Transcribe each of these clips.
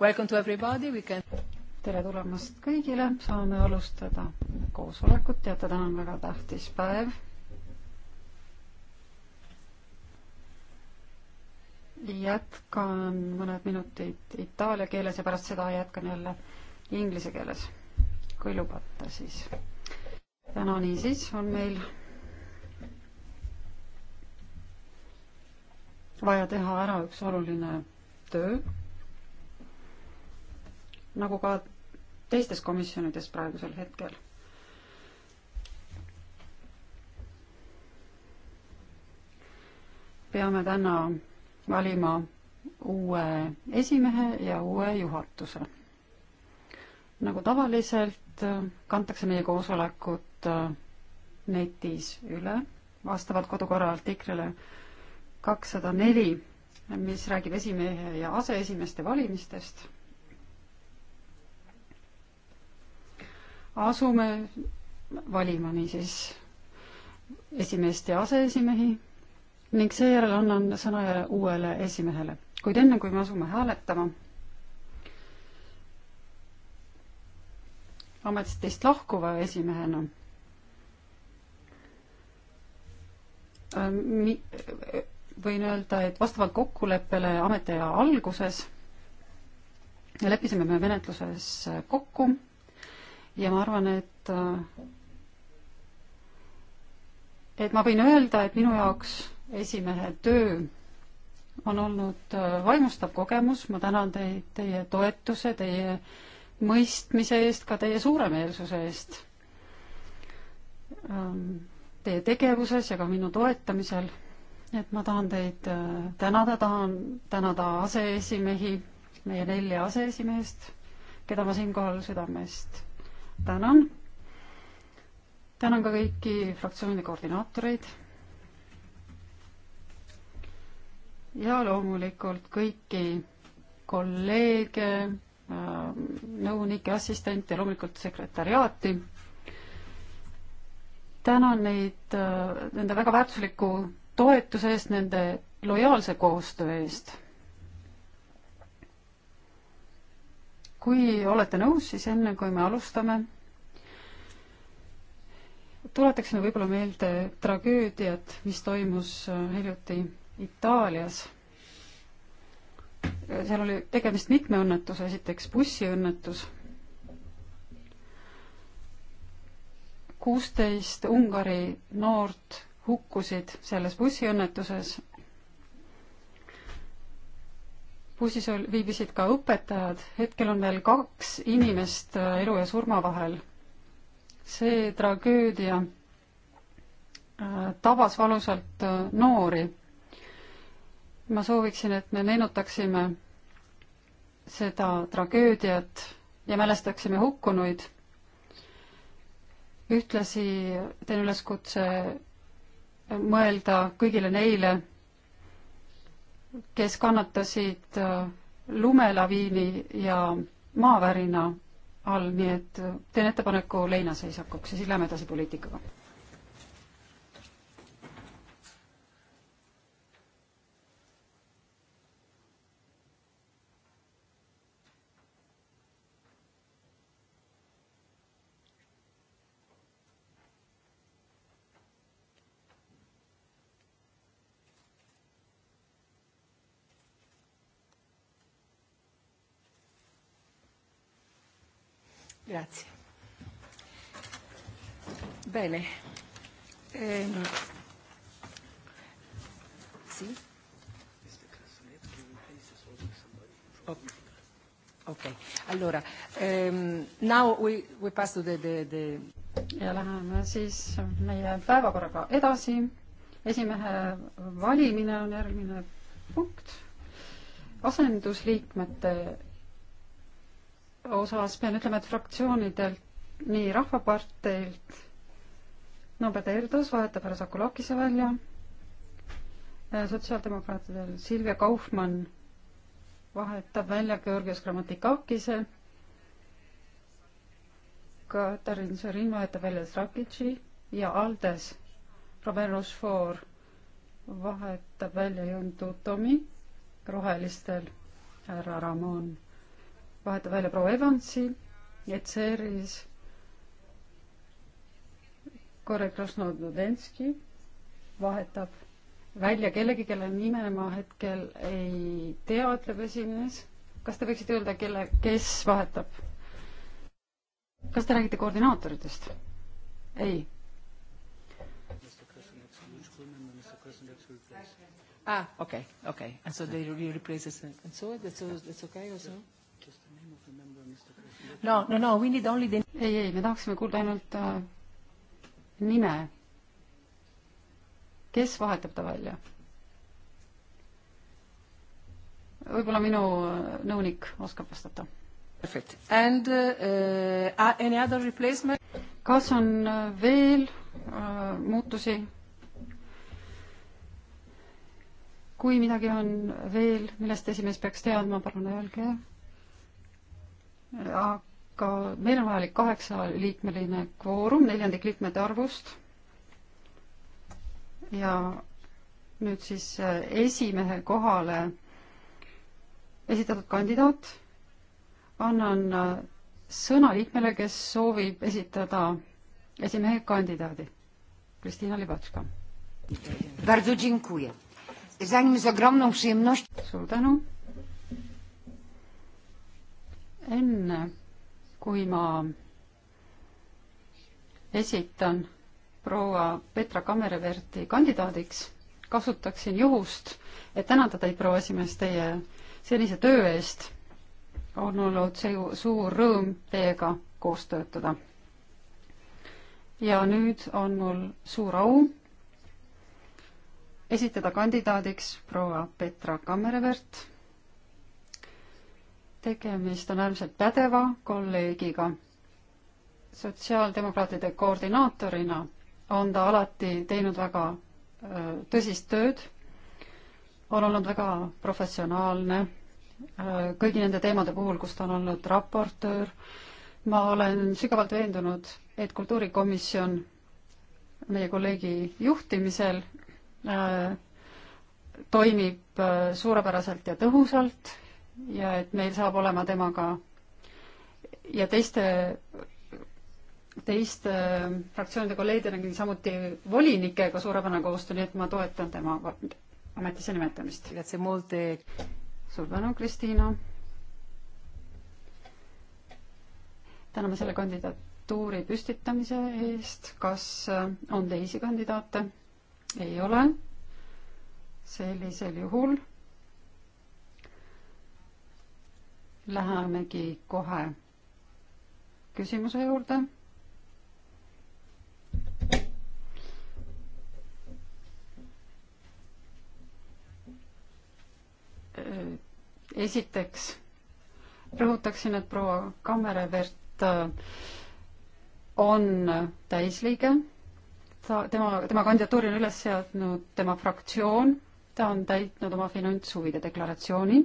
Welcome to everybody, we can tere tulemast kõigile, saame alustada koosolekut ja täna on väga tähtis päev. jätkan mõned minutid itaalia keeles ja pärast seda jätkan jälle inglise keeles, kui lubate siis. ja no niisiis on meil vaja teha ära üks oluline töö nagu ka teistes komisjonides praegusel hetkel. peame täna valima uue esimehe ja uue juhatuse. nagu tavaliselt kantakse meie koosolekud äh, netis üle vastavalt kodukorra artiklile kakssada neli, mis räägib esimehe ja aseesimeeste valimistest asume valima niisiis esimeest ja aseesimehi ning seejärel annan sõna uuele esimehele. kuid enne, kui me asume hääletama, ametist lahkuva esimehena ähm, Mi-, võin öelda, et vastavalt kokkuleppele ametiaja alguses leppisime me menetluses kokku ja ma arvan, et et ma võin öelda, et minu jaoks esimehe töö on olnud äh, vaimustav kogemus, ma tänan teid teie toetuse, teie mõistmise eest, ka teie suuremeelsuse eest. Ähm, teie tegevuses ja ka minu toetamisel. et ma tahan teid äh, tänada, tahan tänada aseesimehi, meie nelja aseesimeest, keda ma siinkohal südamest tänan. tänan ka kõiki fraktsioonide koordinaatoreid. ja loomulikult kõiki kolleege, ähm, nõunikke, assistente, loomulikult sekretäriaati. tänan neid äh, nende väga väärtusliku toetuse eest, nende lojaalse koostöö eest kui olete nõus, siis enne kui me alustame, tuletaksime võib-olla meelde tragöödiat, mis toimus äh, hiljuti Itaalias. seal oli tegemist mitme õnnetuse, esiteks bussiõnnetus, kuusteist Ungari noort hukkusid selles bussiõnnetuses. bussis viibisid ka õpetajad, hetkel on veel kaks inimest äh, elu ja surma vahel see tragöödia äh, tabas valusalt äh, noori. ma sooviksin, et me meenutaksime seda tragöödiat ja mälestaksime hukkunuid. ühtlasi teen üleskutse mõelda kõigile neile, kes kannatasid äh, lumelaviini ja maavärina all, nii et teen ettepaneku leinaseisakuks ja siis lähme edasi poliitikaga Grazie. Bene. Ehm. Sì? Okay. Okay. Allora, um, now we, we pass to the, the, the... ja läheme siis meie päevakorraga edasi. esimehe valimine on järgmine punkt. asendusliikmete osas pean ütlema, et fraktsioonidelt, nii Rahvaparteilt, Nobeda Erdos vahetab härra Sakulakise välja, äh, sotsiaaldemokraatidel Silvia Kaufmann vahetab välja Georgios Grammatikakise, Katarin Sorin vahetab välja Srakitši ja Aldes Robert Rochefort vahetab välja Jõndu Tomi rohelistel härra Ramon vahetab välja proua Evansi, et seeris Korre Krasnodenski vahetab välja kellegi, kelle nime ma hetkel ei tea, ütleb esimees. kas te võiksite öelda, kelle, kes vahetab? kas te räägite koordinaatoritest? ei. Ah, okay, okay. And so they replace us. And so that's, that's okay also? Yeah no, no, no we need only the ei, ei, me tahaksime kuulda ainult äh, nime. kes vahetab ta välja? võib-olla minu äh, nõunik oskab vastata. Perfect. And uh, uh, any other replacement? kas on äh, veel uh, muutusi? kui midagi on veel, millest esimees peaks teadma, palun öelge aga meil on vajalik kaheksaliikmeline kvoorum, neljandik liikmete arvust. ja nüüd siis äh, esimehe kohale esitatud kandidaat. annan äh, sõna liikmele, kes soovib esitada esimehe kandidaadi. Kristina Libatška. suur tänu enne kui ma esitan proua Petra Kammerverti kandidaadiks, kasutaksin juhust, et tänada teid, proua esimees, teie senise töö eest. on olnud see suur rõõm teiega koos töötada. ja nüüd on mul suur au esitada kandidaadiks proua Petra Kammervert tegemist on äärmiselt pädeva kolleegiga. sotsiaaldemokraatide koordinaatorina on ta alati teinud väga tõsist tööd, on olnud väga professionaalne kõigi nende teemade puhul, kus ta on olnud raportöör. ma olen sügavalt veendunud, et kultuurikomisjon meie kolleegi juhtimisel toimib suurepäraselt ja tõhusalt ja et meil saab olema temaga ja teiste, teiste äh, fraktsioonide kolleegidega, samuti volinikega suurepärane koostöö, nii et ma toetan tema ametisse nimetamist. suur tänu, Kristiina. täname selle kandidatuuri püstitamise eest. kas äh, on teisi kandidaate? ei ole. sellisel juhul Lähemegi kohe küsimuse juurde. esiteks rõhutaksin, et proua Kammerevert äh, on täisliige, ta, tema, tema kandidatuuri on üles seadnud tema fraktsioon, ta on täitnud oma finantshuvide deklaratsiooni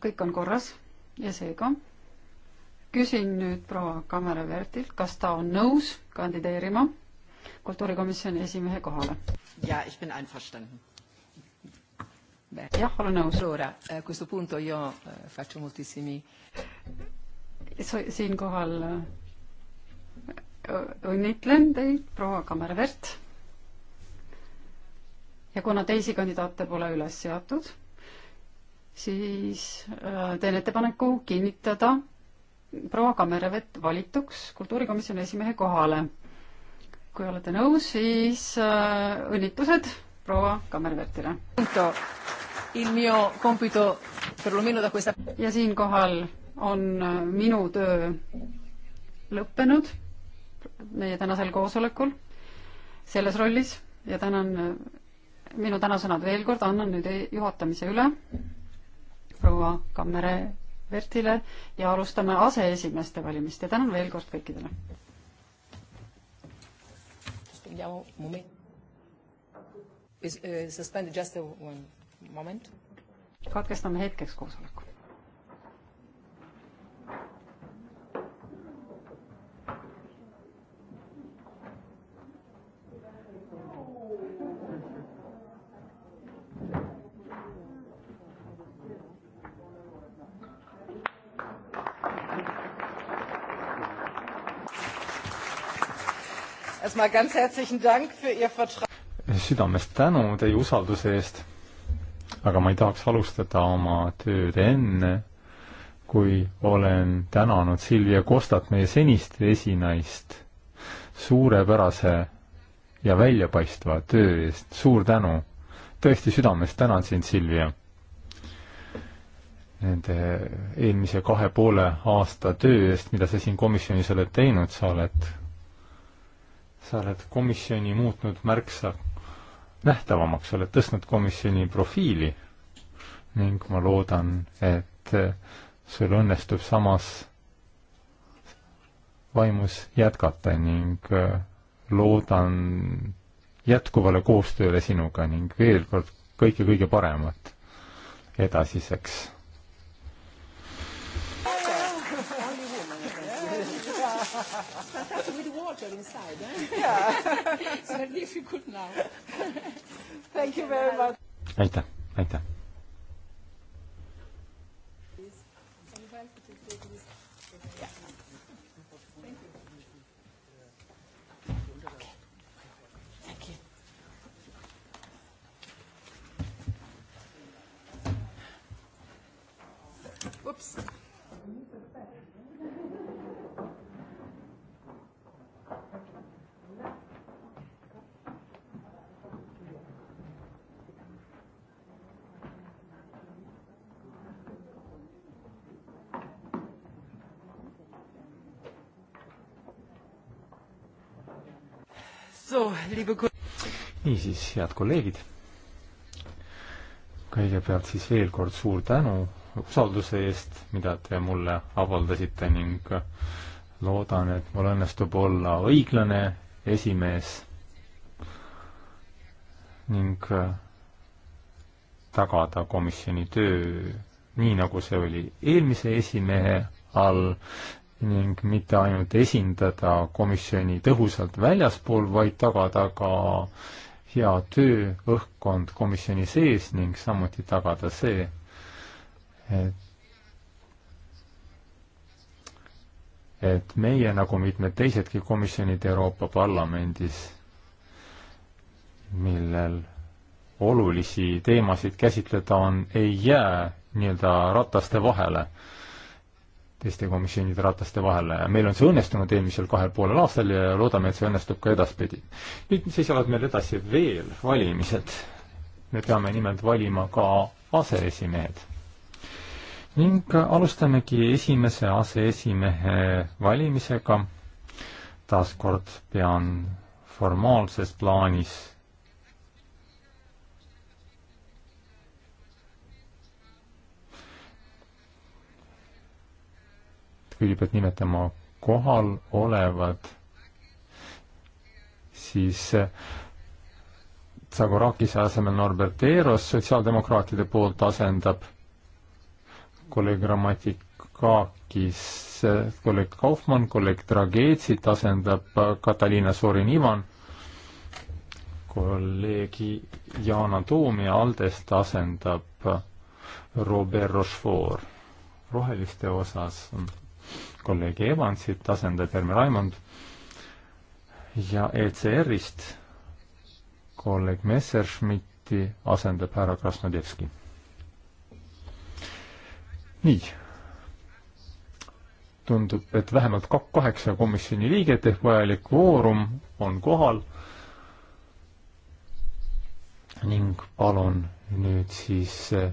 kõik on korras ja seega küsin nüüd proua Kamera-Vertilt, kas ta on nõus kandideerima kultuurikomisjoni esimehe kohale? jaa, ich bin einverstanden. jah, olen nõus. Allora, eh, questo punto io eh, faccio moltissimi siinkohal eh, õnnitlen teid, proua Kamera-Vert. ja kuna teisi kandidaate pole üles seatud siis äh, teen ettepaneku kinnitada proua Kammervet valituks kultuurikomisjoni esimehe kohale. kui olete nõus, siis äh, õnnitlused proua Kammervertile. ja siinkohal on äh, minu töö lõppenud meie tänasel koosolekul selles rollis ja tänan, minu tänasõnad veel kord annan nüüd juhatamise üle proua Kammere Vertile ja alustame aseesimeeste valimist ja tänan veel kord kõikidele. Eh, katkestame hetkeks koosoleku. erstmal ganz herzlichen Dank für Ihr Vertrauen. südamest tänu teie usalduse eest. aga ma ei tahaks alustada oma tööd enne, kui olen tänanud Silvia Kostat, meie senist esinaist, suurepärase ja väljapaistva töö eest. suur tänu. tõesti südamest tänan sind, Silvia. Nende eelmise kahe poole aasta töö eest, mida sa siin komisjonis oled teinud, sa oled sa oled komisjoni muutnud märksa nähtavamaks, sa oled tõstnud komisjoni profiili ning ma loodan, et sul õnnestub samas vaimus jätkata ning äh, loodan jätkuvale koostööle sinuga ning veel kord kõike kõige paremat edasiseks Fantastic with water inside. Eh? Yeah. it's very difficult now. Thank you very much. aitäh, aitäh. niisiis, head kolleegid, kõigepealt siis veel kord suur tänu usalduse eest, mida te mulle avaldasite ning loodan, et mul õnnestub olla õiglane esimees ning tagada komisjoni töö nii, nagu see oli eelmise esimehe all ning mitte ainult esindada komisjoni tõhusalt väljaspool, vaid tagada ka hea tööõhkkond komisjoni sees ning samuti tagada see, et et meie, nagu mitmed teisedki komisjonid Euroopa Parlamendis, millel olulisi teemasid käsitleda on, ei jää nii-öelda rataste vahele teiste komisjonide rataste vahele. meil on see õnnestunud eelmisel kahel poolel aastal ja loodame, et see õnnestub ka edaspidi. nüüd seisavad meil edasi veel valimised. me peame nimelt valima ka aseesimehed. ning alustamegi esimese aseesimehe valimisega. taaskord pean formaalses plaanis peaks kõigepealt nimetama kohal olevad, siis äh, Zagorakise asemel Norbert Eeros sotsiaaldemokraatide poolt asendab kolleeg Grammatikakis, äh, kolleeg Kaufmann, kolleeg Dragetsit asendab äh, Katariina Sorin-Ivan, kolleegi Yana Toomi Aldest asendab Robert Rochefort. roheliste osas kolleegi Evansit asendab Herme Raimond ja ECR-ist kolleeg Messerschmitti asendab härra Krasnodevski. nii. tundub, et vähemalt kaheksa komisjoni liiget ehk vajalik kvoorum on kohal ning palun nüüd siis eh,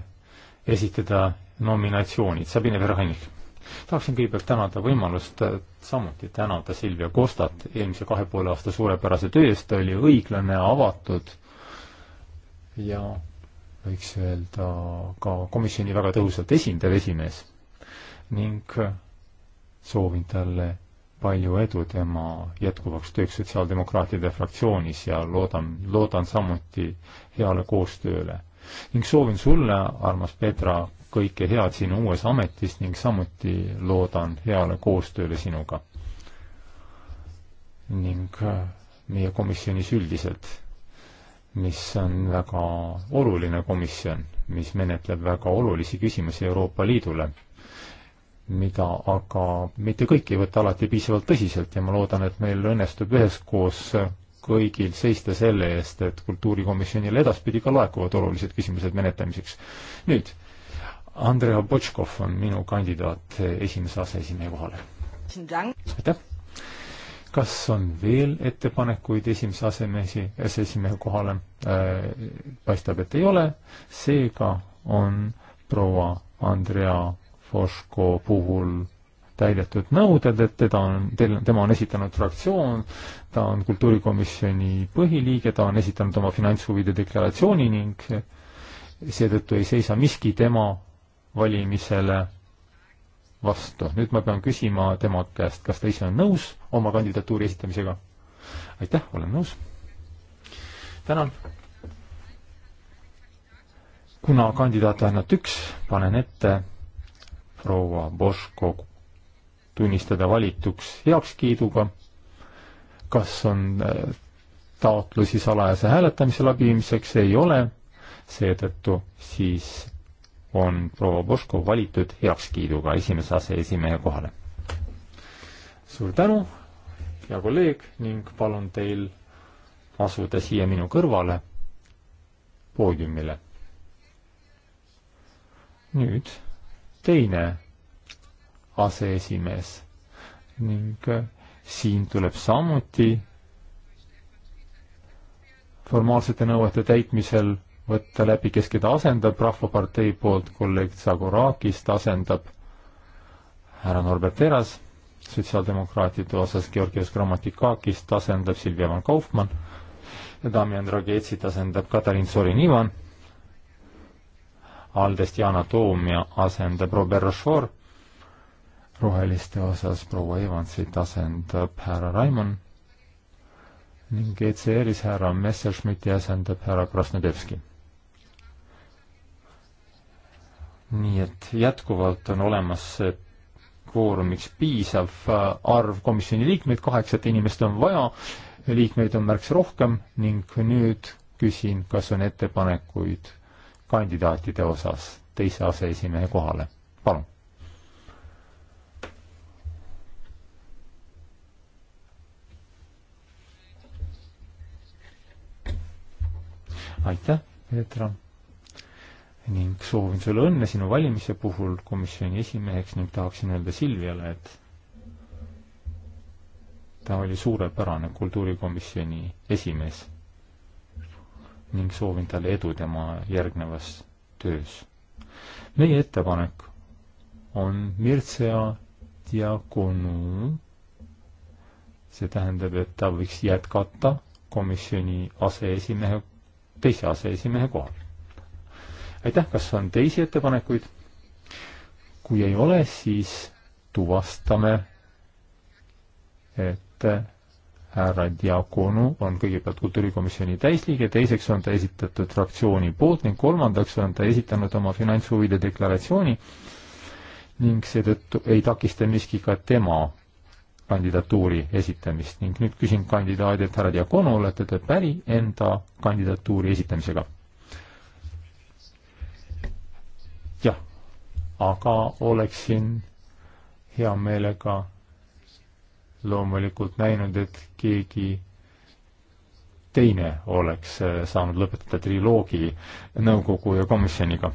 esitada nominatsioonid. Sabine Verhainil tahaksin kõigepealt tänada võimalust samuti tänada Silvia Kostat eelmise kahe poole aasta suurepärase töö eest, ta oli õiglane, avatud ja võiks öelda ka komisjoni väga tõhusalt esindav esimees. ning soovin talle palju edu tema jätkuvaks tööks Sotsiaaldemokraatide fraktsioonis ja loodan, loodan samuti heale koostööle. ning soovin sulle, armas Petra, kõike head sinu uues ametis ning samuti loodan heale koostööle sinuga. ning äh, meie komisjonis üldiselt, mis on väga oluline komisjon, mis menetleb väga olulisi küsimusi Euroopa Liidule, mida aga mitte kõik ei võta alati piisavalt tõsiselt ja ma loodan, et meil õnnestub üheskoos kõigil seista selle eest, et kultuurikomisjonile edaspidi ka laekuvad olulised küsimused menetlemiseks. nüüd Andrea Botškov on minu kandidaat esimese aseesimehe kohale. aitäh! kas on veel ettepanekuid esimese asemesi, aseesimehe kohale äh,? paistab, et ei ole, seega on proua Andrea Foško puhul täidetud nõuded, et teda on, tema on esitanud fraktsioon, ta on kultuurikomisjoni põhiliige, ta on esitanud oma finantshuvide deklaratsiooni ning seetõttu ei seisa miski tema valimisele vastu. nüüd ma pean küsima tema käest, kas ta ise on nõus oma kandidatuuri esitamisega. aitäh, olen nõus. tänan. kuna kandidaate on ainult üks, panen ette proua Boško tunnistada valituks heakskiiduga. kas on äh, taotlusi salajase hääletamise läbiviimiseks, ei ole, seetõttu siis on proua Boško valitud heakskiiduga esimese aseesimehe kohale. suur tänu, hea kolleeg, ning palun teil asuda siia minu kõrvale poodiumile. nüüd teine aseesimees ning siin tuleb samuti formaalsete nõuete täitmisel võtta läbi, kes keda asendab Rahvapartei poolt, kolleeg Zagorakist asendab härra Norbert Teras, sotsiaaldemokraatide osas Georgios Grammatikakist asendab Silvia Van Kaufmann ja Damjan Ragetsit asendab Katarin Sorin-Ivan, Aldest Yana Toom ja asendab Robert Rochefort, roheliste osas proua Evansit asendab härra Raimond ning ECR-is härra Messerschmitti asendab härra Krasnodevski nii et jätkuvalt on olemas kvoorumiks piisav äh, arv komisjoni liikmeid, kaheksat inimest on vaja, liikmeid on märksa rohkem ning nüüd küsin, kas on ettepanekuid kandidaatide osas teise aseesimehe kohale, palun. aitäh, Peetra ning soovin sulle õnne sinu valimise puhul komisjoni esimeheks ning tahaksin öelda Silviale, et ta oli suurepärane kultuurikomisjoni esimees ning soovin talle edu tema järgnevas töös. meie ettepanek on Mircea Diakonu, see tähendab, et ta võiks jätkata komisjoni aseesimehe, teise aseesimehe kohal aitäh, kas on teisi ettepanekuid? kui ei ole, siis tuvastame, et härra Diakonu on kõigepealt kultuurikomisjoni täisliige, teiseks on ta esitatud fraktsiooni poolt ning kolmandaks on ta esitanud oma finantshuvide deklaratsiooni ning seetõttu ei takista miski ka tema kandidatuuri esitamist ning nüüd küsin kandidaadilt härra Diakonu, olete te päri enda kandidatuuri esitamisega? aga oleksin hea meelega loomulikult näinud, et keegi teine oleks äh, saanud lõpetada triloogi nõukogu ja komisjoniga.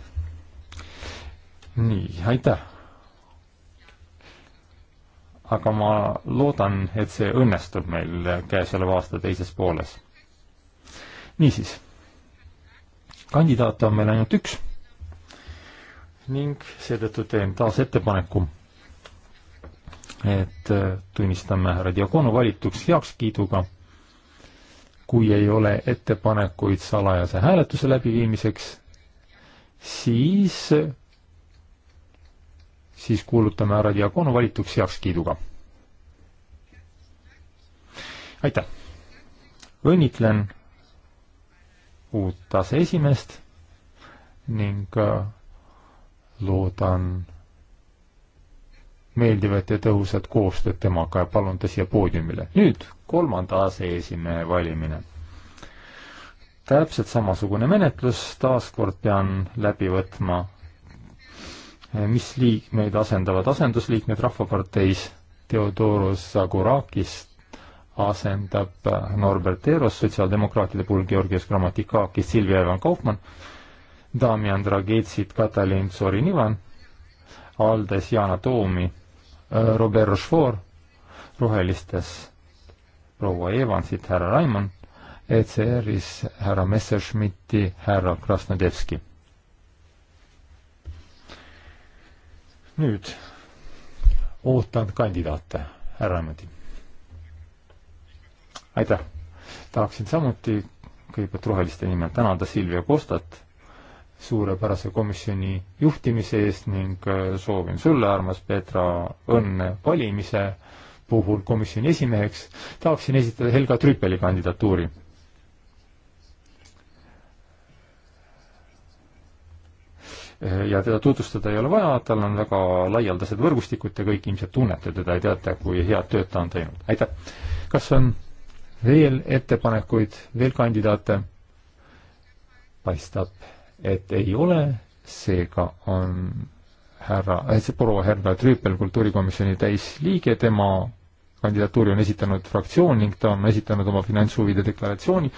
nii, aitäh! aga ma loodan, et see õnnestub meil käesoleva aasta teises pooles. niisiis, kandidaate on meil ainult üks ning seetõttu teen taas ettepaneku, et äh, tunnistame härra Diakonu valituks heakskiiduga, kui ei ole ettepanekuid salajase hääletuse läbiviimiseks, siis, siis kuulutame härra Diakonu valituks heakskiiduga. aitäh! õnnitlen uut aseesimeest ning äh, loodan meeldivat ja tõhusat koostööd temaga ja palun ta siia poodiumile. nüüd kolmanda aseesimehe valimine. täpselt samasugune menetlus, taaskord pean läbi võtma, eh, mis liikmeid asendavad asendusliikmed Rahvaparteis. Theodoros Zagorakis asendab Norbert Eros, sotsiaaldemokraatide puhul Georgios Grammatikakis, Silvia Ivan Kaupmann Damjan Dragetsit, Katalin Sorinivan, Aldes Yana Toomi, äh, Robert Rochefort, Rohelistes proua Evansit, härra Raimond, ECR-is härra Messerschmitti, härra Krasnodevski. nüüd ootan kandidaate, härra Raimondi. aitäh! tahaksin samuti kõigepealt roheliste nimel tänada Silvia Kostat suurepärase komisjoni juhtimise eest ning äh, soovin sulle, armas Petra, õnne valimise puhul komisjoni esimeheks. tahaksin esitada Helga Trüppeli kandidatuuri. Äh, ja teda tutvustada ei ole vaja, tal on väga laialdased võrgustikud, te kõik ilmselt tunnete teda ja teate, kui head tööd ta on teinud. aitäh! kas on veel ettepanekuid, veel kandidaate? paistab et ei ole, seega on härra äh,, see proua härra Trüüpel kultuurikomisjoni täisliige, tema kandidatuuri on esitanud fraktsioon ning ta on esitanud oma finantshuvide deklaratsiooni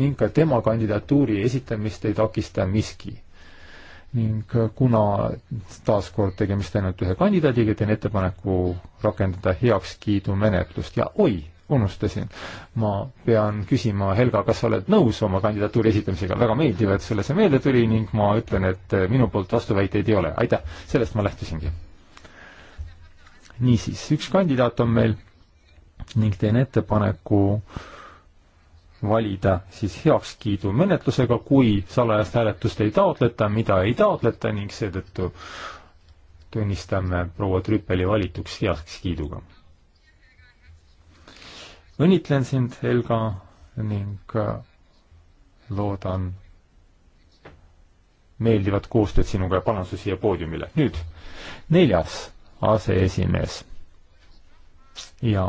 ning ka tema kandidatuuri esitamist ei takista miski. ning kuna taaskord tegemist ainult ühe kandidaadiga, teen ettepaneku rakendada heakskiidumenetlust ja oi, unustasin. ma pean küsima, Helga, kas sa oled nõus oma kandidatuuri esitamisega, väga meeldiv, et sulle see meelde tuli ning ma ütlen, et minu poolt vastuväiteid ei ole, aitäh, sellest ma lähtusingi. niisiis, üks kandidaat on meil ning teen ettepaneku valida siis heakskiidu menetlusega, kui salajast hääletust ei taotleta, mida ei taotleta ning seetõttu tunnistame proua Trüppeli valituks heakskiiduga õnnitlen sind, Helga, ning äh, loodan meeldivat koostööd sinuga ja panen su siia poodiumile. nüüd neljas aseesimees. ja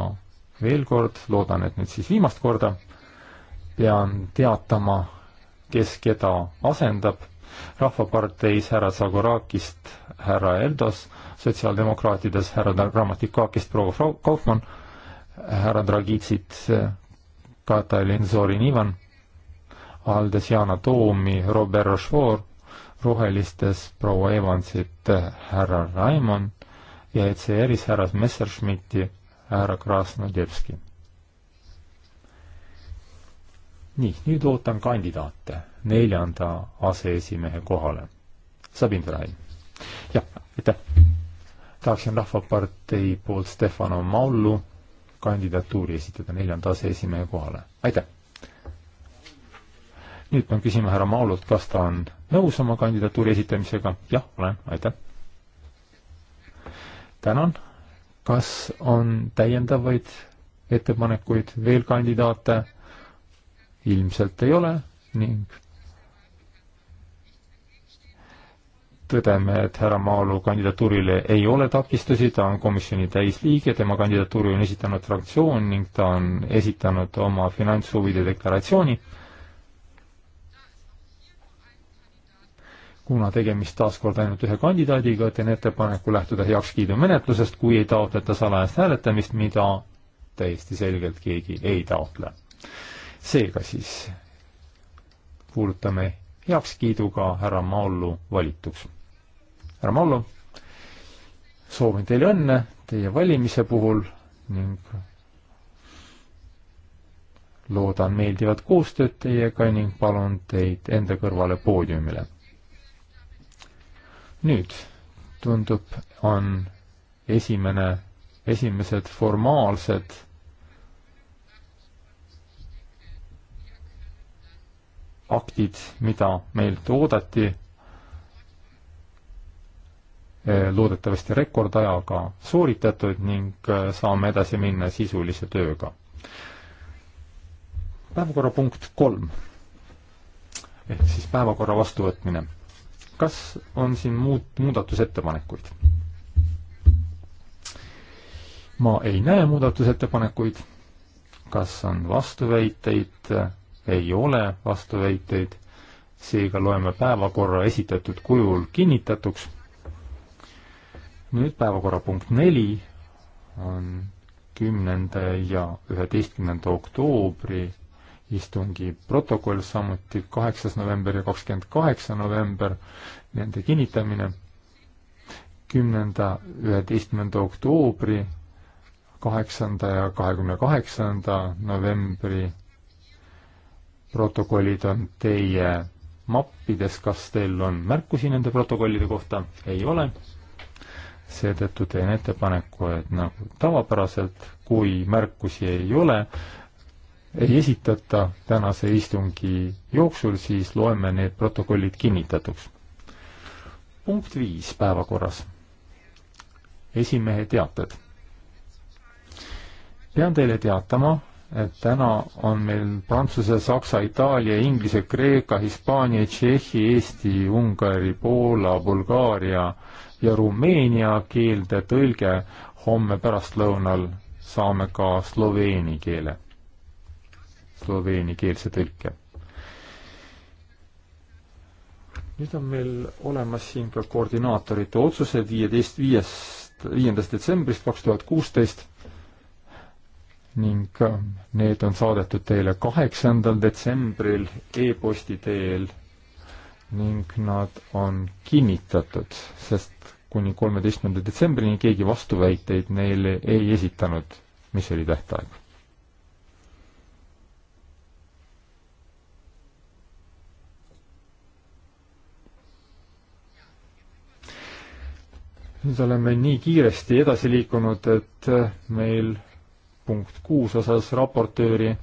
veel kord, loodan, et nüüd siis viimast korda pean teatama, kes keda asendab. rahvaparteis härra Zagorakist härra Eldos, sotsiaaldemokraatides härra Grammatikakist proua Kaufmann härra Dragitsit, äh, Katalin Zorin-Ivan, Aldes Yana Toomi, Robert Rochefort, Rohelistes proua Evansit, äh, härra Raimond ja ECR-is härra Messerschmitti, härra Krasnodebski. nii, nüüd ootan kandidaate neljanda aseesimehe kohale. Sabin Verhain. jah, aitäh. tahaksin Rahvapartei poolt Stefano Mallu kandidatuuri esitada neljanda aseesimehe kohale. aitäh! nüüd pean küsima härra Maalult, kas ta on nõus oma kandidatuuri esitamisega? jah, olen, aitäh! tänan! kas on täiendavaid ettepanekuid, veel kandidaate? ilmselt ei ole ning tõdeme, et härra Maalu kandidatuurile ei ole takistusi, ta on komisjoni täisliige, tema kandidatuuri on esitanud fraktsioon ning ta on esitanud oma finantshuvide deklaratsiooni. kuna tegemist taas kord ainult ühe kandidaadiga, teen ettepaneku lähtuda heakskiidumenetlusest, kui ei taotleta salajast hääletamist, mida täiesti selgelt keegi ei taotle. seega siis kuulutame heakskiiduga härra Maollu valituks härra Mallo, soovin teile õnne teie valimise puhul ning loodan meeldivat koostööd teiega ning palun teid enda kõrvale poodiumile. nüüd tundub, on esimene, esimesed formaalsed aktid, mida meilt oodati Eh, loodetavasti rekordajaga sooritatud ning eh, saame edasi minna sisulise tööga. päevakorrapunkt kolm ehk siis päevakorra vastuvõtmine. kas on siin muud, muudatusettepanekuid? ma ei näe muudatusettepanekuid. kas on vastuväiteid? ei ole vastuväiteid. seega loeme päevakorra esitatud kujul kinnitatuks nüüd päevakorrapunkt neli on kümnenda ja üheteistkümnenda oktoobri istungi protokoll, samuti kaheksas november ja kakskümmend kaheksa november, nende kinnitamine, kümnenda, üheteistkümnenda oktoobri, kaheksanda ja kahekümne kaheksanda novembri protokollid on teie mappides, kas teil on märkusi nende protokollide kohta? ei ole seetõttu teen ettepaneku, et nagu tavapäraselt, kui märkusi ei ole, ei esitata tänase istungi jooksul, siis loeme need protokollid kinnitatuks. punkt viis päevakorras. esimehe teated. pean teile teatama, et täna on meil Prantsuse, Saksa, Itaalia, Inglise, Kreeka, Hispaania, Tšehhi, Eesti, Ungari, Poola, Bulgaaria ja Rumeenia keelde tõlge, homme pärastlõunal saame ka sloveeni keele, sloveenikeelse tõlke. nüüd on meil olemas siin ka koordinaatorite otsused viieteist, viiest, viiendast detsembrist kaks tuhat kuusteist ning äh, need on saadetud teile kaheksandal detsembril e-posti teel ning nad on kinnitatud, sest kuni kolmeteistkümnenda detsembrini keegi vastuväiteid neile ei esitanud, mis oli tähtaeg. nüüd oleme nii kiiresti edasi liikunud, et äh, meil punkt kuus osas raportööri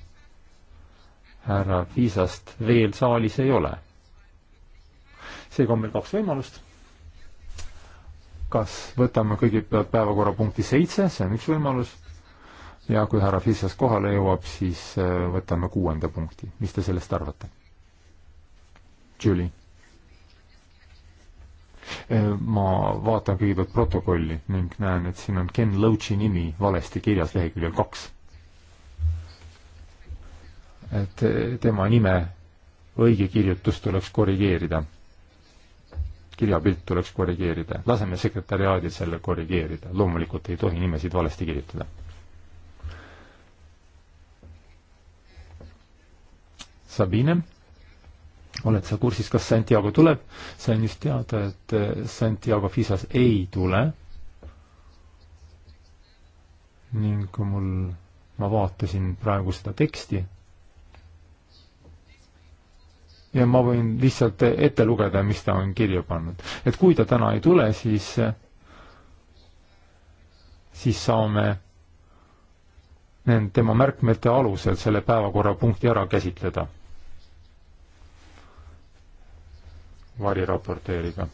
härra Viisast veel saalis ei ole. seega on meil kaks võimalust. kas võtame kõigepealt päevakorrapunkti seitse, see on üks võimalus, ja kui härra Viisas kohale jõuab, siis äh, võtame kuuenda punkti. mis te sellest arvate? Julie? Eh, ma vaatan kõigepealt protokolli ning näen, et siin on Ken Loachi nimi valesti kirjas leheküljel kaks. et tema nime õige kirjutus tuleks korrigeerida. kirjapilt tuleks korrigeerida, laseme sekretäriaadil selle korrigeerida, loomulikult ei tohi nimesid valesti kirjutada Sabine oled sa kursis, kas Santiago tuleb? sain just teada, et eh, Santiago Fisas ei tule. ning mul, ma vaatasin praegu seda teksti. ja ma võin lihtsalt ette lugeda, mis ta on kirja pannud. et kui ta täna ei tule, siis, siis saame tema märkmete alusel selle päevakorrapunkti ära käsitleda variraporteeriga.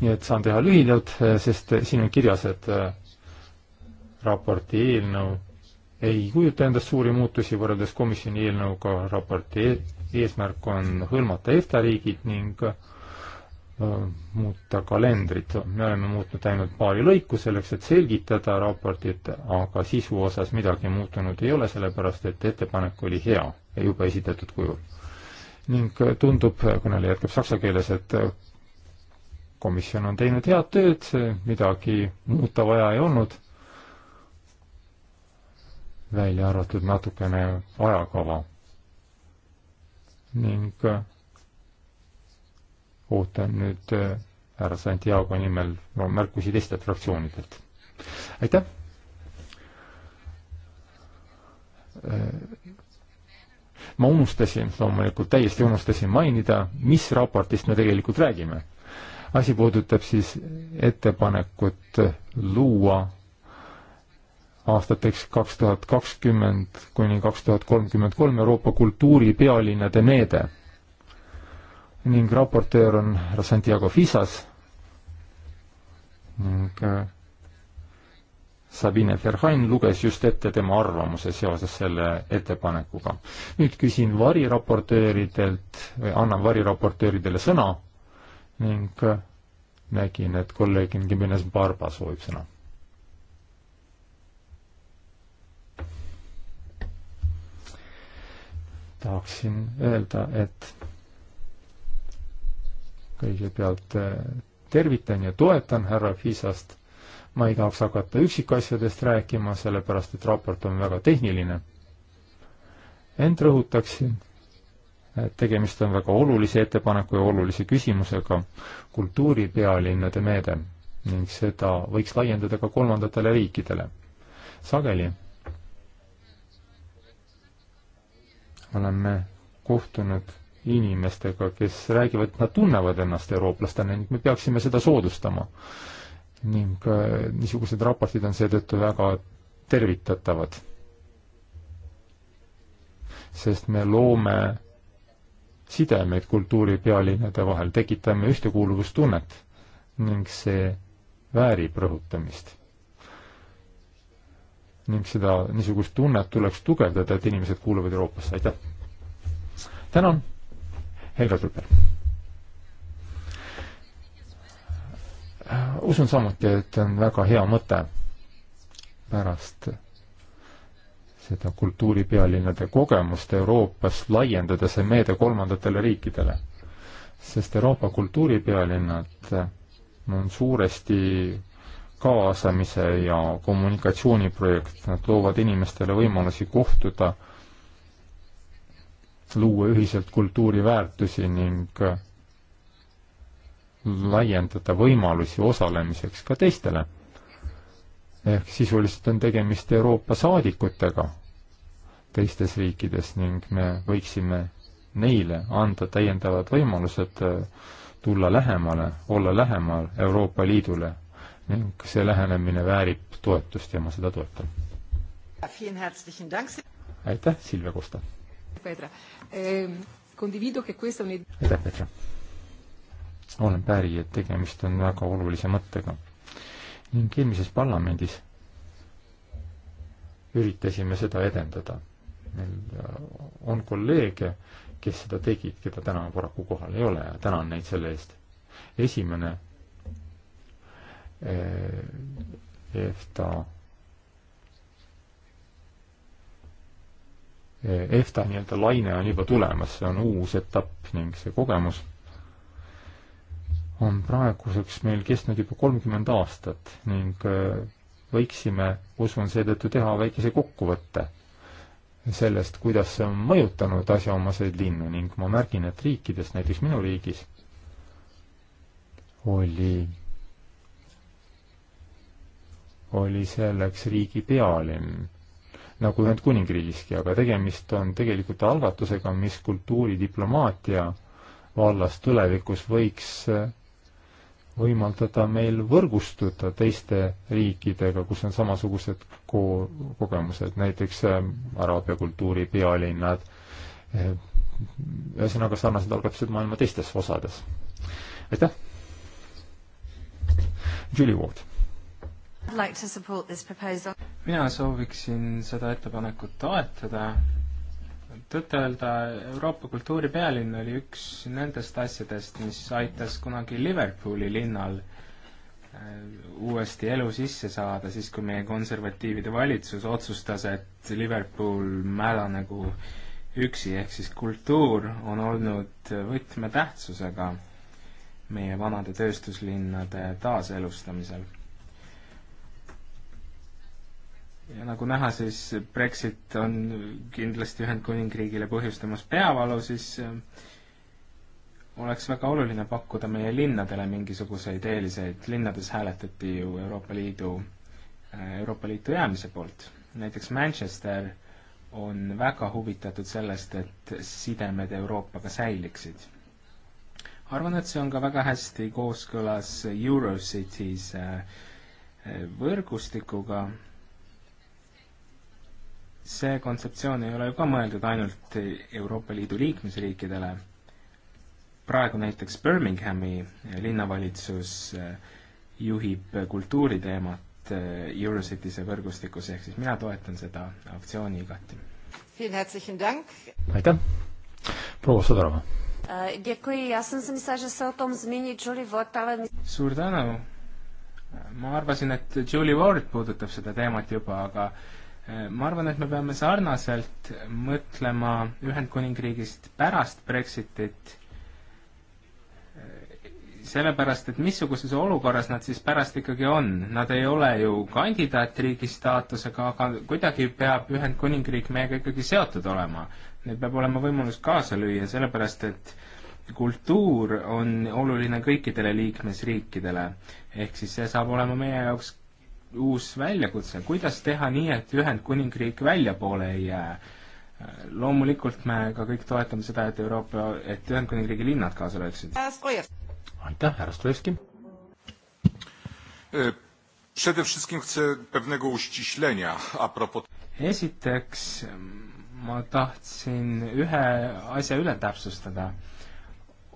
nii et saan teha lühidalt, eh, sest eh, siin on kirjas, et eh, raporti eelnõu ei kujuta endast suuri muutusi võrreldes komisjoni eelnõuga, raporti e-, eesmärk on hõlmata EFTA riigid ning muuta kalendrit. me oleme muutnud ainult paari lõiku selleks, et selgitada raportit, aga sisu osas midagi muutunud ei ole, sellepärast et ettepanek oli hea ja juba esitatud kujul ning tundub, kõneleja jätkab saksa keeles, et komisjon on teinud head tööd, midagi muuta vaja ei olnud, välja arvatud natukene ajakava. ning ootan nüüd härra Santiago nimel no, märkusi teistelt fraktsioonidelt. aitäh! ma unustasin, loomulikult täiesti unustasin mainida, mis raportist me tegelikult räägime. asi puudutab siis ettepanekut luua aastateks kaks tuhat kakskümmend kuni kaks tuhat kolmkümmend kolm Euroopa kultuuripealinnade meede. ning raportöör on härra Santiago Fisas ning äh, Sabine Verhaen luges just ette tema arvamuse seoses selle ettepanekuga. nüüd küsin variraportööridelt, annan variraportööridele sõna ning nägin, et kolleeg Ingemines Barba soovib sõna. tahaksin öelda, et kõigepealt eh, tervitan ja toetan härra Fisast ma ei tahaks hakata üksikasjadest rääkima, sellepärast et raport on väga tehniline. ent rõhutaksin, et tegemist on väga olulise ettepaneku ja olulise küsimusega, kultuuripealinnade meede ning seda võiks laiendada ka kolmandatele riikidele. sageli oleme kohtunud inimestega, kes räägivad, et nad tunnevad ennast eurooplastena ning me peaksime seda soodustama ning äh, niisugused raportid on seetõttu väga tervitatavad. sest me loome sidemeid kultuuripealinnade vahel, tekitame ühtekuuluvustunnet ning see väärib rõhutamist. ning seda, niisugust tunnet tuleks tugevdada, et inimesed kuuluvad Euroopasse, aitäh! tänan, Helga Trüper! usun samuti, et on väga hea mõte pärast seda kultuuripealinnade kogemust Euroopas laiendada see meede kolmandatele riikidele. sest Euroopa kultuuripealinnad on suuresti kaasamise ja kommunikatsiooniprojekt, nad loovad inimestele võimalusi kohtuda, luua ühiselt kultuuriväärtusi ning laiendada võimalusi osalemiseks ka teistele. ehk sisuliselt on tegemist Euroopa saadikutega teistes riikides ning me võiksime neile anda täiendavad võimalused äh, tulla lähemale, olla lähemal Euroopa Liidule ning see lähenemine väärib toetust ja ma seda toetan. aitäh, Silvia Kosta! Ehm, aitäh, Petra! olen päri, et tegemist on väga olulise mõttega. ning eelmises parlamendis üritasime seda edendada. meil äh, on kolleege, kes seda tegid, keda täna paraku kohal ei ole ja tänan neid selle eest. esimene äh, EFTA äh, EFTA nii-öelda laine on juba tulemas, see on uus etapp ning see kogemus on praeguseks meil kestnud juba kolmkümmend aastat ning äh, võiksime, usun seetõttu, teha väikese kokkuvõtte sellest, kuidas see on mõjutanud asjaomaseid linnu ning ma märgin, et riikides, näiteks minu riigis, oli, oli selleks riigi pealinn, nagu Ühendkuningriigiski, aga tegemist on tegelikult algatusega, mis kultuuridiplomaatia vallas tulevikus võiks äh, võimaldada meil võrgustuda teiste riikidega, kus on samasugused ko-, kogemused, näiteks ähm, araabia kultuuri pealinnad, äh, ühesõnaga sarnased algatused maailma teistes osades. aitäh! Julie Ward. mina sooviksin seda ettepanekut toetada tõtt-öelda Euroopa kultuuripealinn oli üks nendest asjadest, mis aitas kunagi Liverpooli linnal äh, uuesti elu sisse saada, siis kui meie konservatiivide valitsus otsustas, et Liverpool mädanegu üksi, ehk siis kultuur on olnud võtmetähtsusega meie vanade tööstuslinnade taaselustamisel ja nagu näha, siis Brexit on kindlasti Ühendkuningriigile põhjustamas peavalu, siis äh, oleks väga oluline pakkuda meie linnadele mingisuguseid eeliseid, linnades hääletati ju Euroopa Liidu, äh, Euroopa Liitu jäämise poolt. näiteks Manchester on väga huvitatud sellest, et sidemed Euroopaga säiliksid. arvan, et see on ka väga hästi kooskõlas Eurocities äh, võrgustikuga see kontseptsioon ei ole ju ka mõeldud ainult Euroopa Liidu liikmesriikidele. praegu näiteks Birminghami linnavalitsus eh, juhib kultuuriteemat eh, Eurocitise võrgustikus, ehk siis mina toetan seda aktsiooni igati. aitäh, proua Sõdarova. Äh, suur tänu. ma arvasin, et Julie Ward puudutab seda teemat juba, aga ma arvan, et me peame sarnaselt mõtlema Ühendkuningriigist pärast Brexitit, eh, sellepärast, et missuguses olukorras nad siis pärast ikkagi on. Nad ei ole ju kandidaatriigi staatusega, aga kuidagi peab Ühendkuningriik meiega ikkagi seotud olema. Neil peab olema võimalus kaasa lüüa, sellepärast et kultuur on oluline kõikidele liikmesriikidele. ehk siis see saab olema meie jaoks uus väljakutse, kuidas teha nii, et Ühendkuningriik väljapoole ei jää. loomulikult me ka kõik toetame seda, et Euroopa, et Ühendkuningriigi linnad kaasa lööksid. aitäh, härra Strojevski. E, przede wszystkim chcę pewnego uściślenia a propos esiteks ma tahtsin ühe asja üle täpsustada.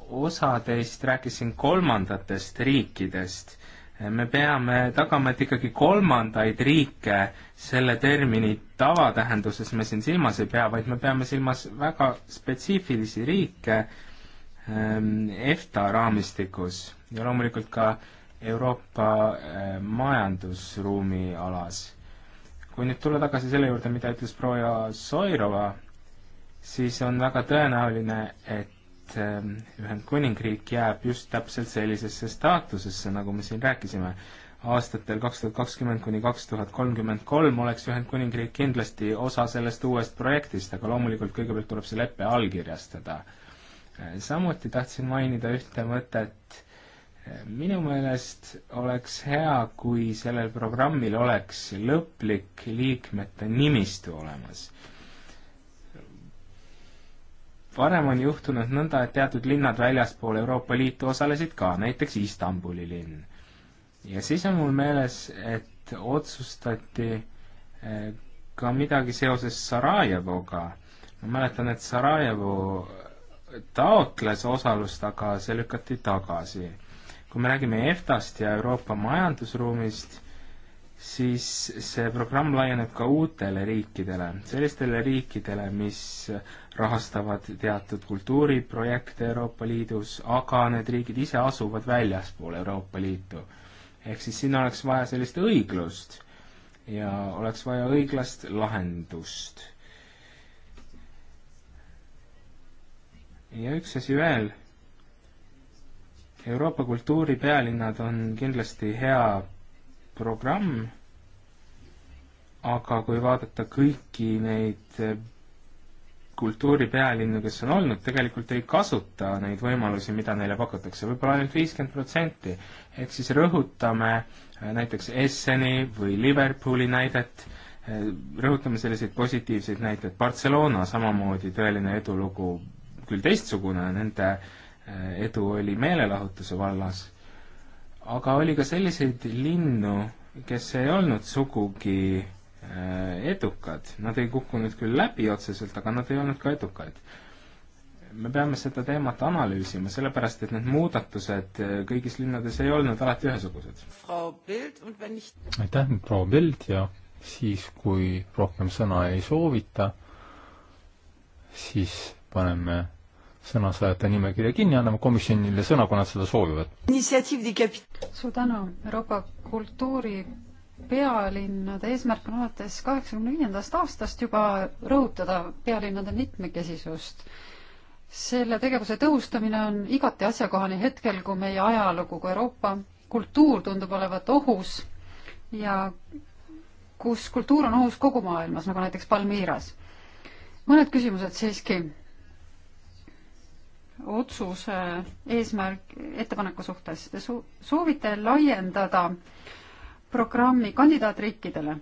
osa teist rääkisin kolmandatest riikidest me peame tagama, et ikkagi kolmandaid riike selle termini tavatähenduses me siin silmas ei pea, vaid me peame silmas väga spetsiifilisi riike ähm, EFTA raamistikus ja loomulikult ka Euroopa äh, majandusruumi alas. kui nüüd tulla tagasi selle juurde, mida ütles proua Soirova, siis on väga tõenäoline, et et ehm, Ühendkuningriik jääb just täpselt sellisesse staatusesse, nagu me siin rääkisime. aastatel kaks tuhat kakskümmend kuni kaks tuhat kolmkümmend kolm oleks Ühendkuningriik kindlasti osa sellest uuest projektist, aga loomulikult kõigepealt tuleb see lepe allkirjastada. Äh, samuti tahtsin mainida ühte mõtet, äh, minu meelest oleks hea, kui sellel programmil oleks lõplik liikmete nimistu olemas varem on juhtunud nõnda, et teatud linnad väljaspool Euroopa Liitu osalesid ka, näiteks Istanbuli linn. ja siis on mul meeles, et otsustati eh, ka midagi seoses Sarajevoga. ma mäletan, et Sarajevo taotles osalust, aga see lükati tagasi. kui me räägime EFTA-st ja Euroopa majandusruumist siis see programm laieneb ka uutele riikidele, sellistele riikidele, mis rahastavad teatud kultuuriprojekte Euroopa Liidus, aga need riigid ise asuvad väljaspool Euroopa Liitu. ehk siis sinna oleks vaja sellist õiglust ja oleks vaja õiglast lahendust. ja üks asi veel Euroopa kultuuripealinnad on kindlasti hea programm, aga kui vaadata kõiki neid eh, kultuuripealinnu, kes on olnud, tegelikult ei kasuta neid võimalusi, mida neile pakutakse, võib-olla ainult viiskümmend protsenti. ehk siis rõhutame eh, näiteks Esseni või Liverpooli näidet, eh, rõhutame selliseid positiivseid näiteid, Barcelona samamoodi tõeline edulugu, küll teistsugune, nende edu oli meelelahutuse vallas aga oli ka selliseid linnu, kes ei olnud sugugi äh, edukad, nad ei kukkunud küll läbi otseselt, aga nad ei olnud ka edukad. me peame seda teemat analüüsima, sellepärast et need muudatused äh, kõigis linnades ei olnud alati ühesugused. aitäh, proua Pild ja siis, kui rohkem sõna ei soovita, siis paneme sõnasaajate nimekirja kinni, anname komisjonile sõna, kui nad seda soovivad. suur tänu, Euroopa kultuuri pealinnade eesmärk on alates kaheksakümne viiendast aastast juba rõhutada pealinnade mitmekesisust. selle tegevuse tõhustamine on igati asjakohane hetkel, kui meie ajalugu kui Euroopa kultuur tundub olevat ohus ja kus kultuur on ohus kogu maailmas, nagu näiteks Palmiiras. mõned küsimused siiski otsuse eesmärk, ettepaneku suhtes. Te su-, soovite laiendada programmi kandidaatriikidele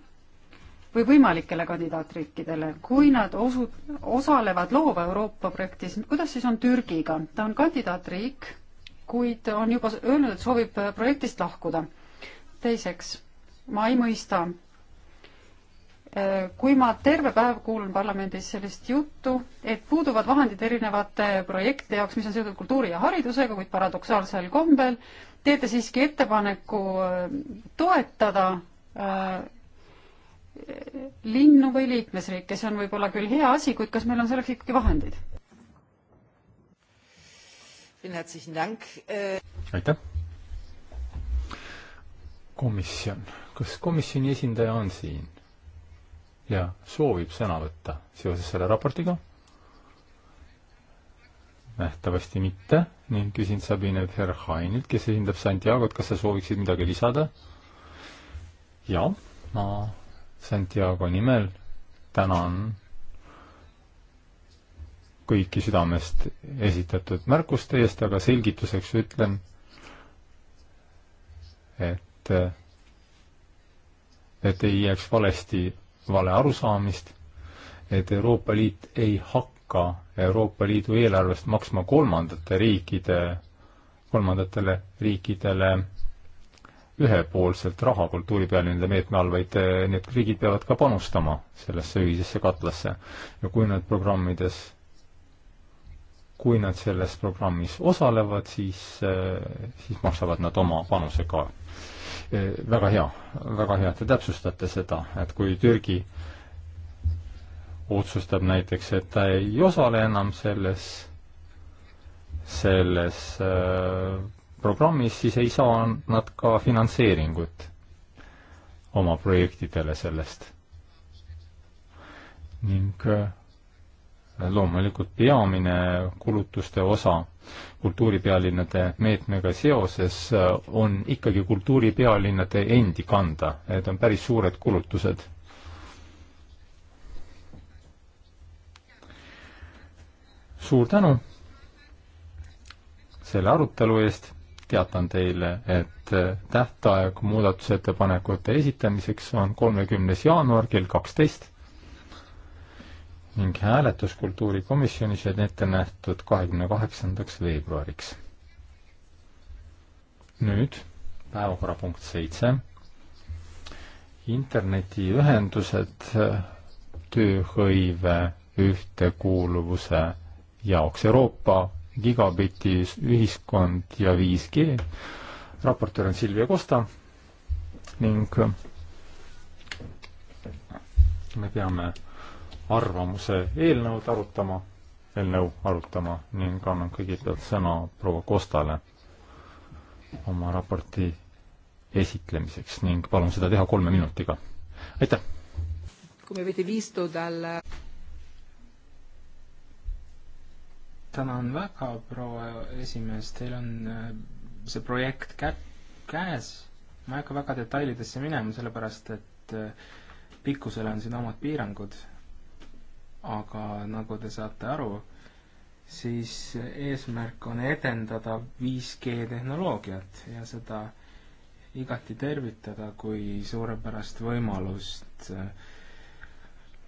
või võimalikele kandidaatriikidele, kui nad osu-, osalevad loova Euroopa projektis, kuidas siis on Türgiga? ta on kandidaatriik, kuid on juba öelnud, et soovib projektist lahkuda. teiseks, ma ei mõista kui ma terve päev kuulan parlamendis sellist juttu, et puuduvad vahendid erinevate projektide jaoks, mis on seotud kultuuri ja haridusega, kuid paradoksaalsel kombel teete siiski ettepaneku äh, toetada äh, linnu või liikmesriike, see on võib-olla küll hea asi, kuid kas meil on selleks ikkagi vahendeid? Äh, aitäh. komisjon, kas komisjoni esindaja on siin? ja soovib sõna võtta seoses selle raportiga? nähtavasti mitte ning küsin Sabine Verhainilt, kes esindab Santiago't, kas sa sooviksid midagi lisada? jaa, ma Santiago nimel tänan kõiki südamest esitatud märkuste eest, aga selgituseks ütlen, et, et ei jääks valesti valearusaamist, et Euroopa Liit ei hakka Euroopa Liidu eelarvest maksma kolmandate riikide, kolmandatele riikidele ühepoolselt raha kultuuripealinna meetme all, vaid eh, need riigid peavad ka panustama sellesse ühisesse katlasse. ja kui nad programmides, kui nad selles programmis osalevad, siis, eh, siis maksavad nad oma panuse ka Eh, väga hea, väga hea, et te täpsustate seda, et kui Türgi otsustab näiteks, et ta ei osale enam selles, selles eh, programmis, siis ei saa nad ka finantseeringut oma projektidele sellest. ning eh, loomulikult peamine kulutuste osa kultuuripealinnade meetmega seoses äh, on ikkagi kultuuripealinnade endi kanda, need on päris suured kulutused. suur tänu selle arutelu eest, teatan teile, et äh, tähtaeg muudatusettepanekute esitamiseks on kolmekümnes jaanuar kell kaksteist ning hääletus kultuurikomisjonis on ette nähtud kahekümne kaheksandaks veebruariks. nüüd päevakorrapunkt seitse, internetiühendused tööhõive ühtekuuluvuse jaoks Euroopa gigabitti ühiskond ja 5G. raportöör on Silvia Kosta ning me peame arvamuse eelnõud arutama, eelnõu arutama ning annan kõigepealt sõna proua Kostale oma raporti esitlemiseks ning palun seda teha kolme minutiga. aitäh! tänan väga, proua esimees, teil on äh, see projekt kä-, käes, ma ei hakka väga detailidesse minema, sellepärast et äh, pikkusele on siin omad piirangud aga nagu te saate aru, siis eesmärk on edendada 5G tehnoloogiat ja seda igati tervitada kui suurepärast võimalust äh,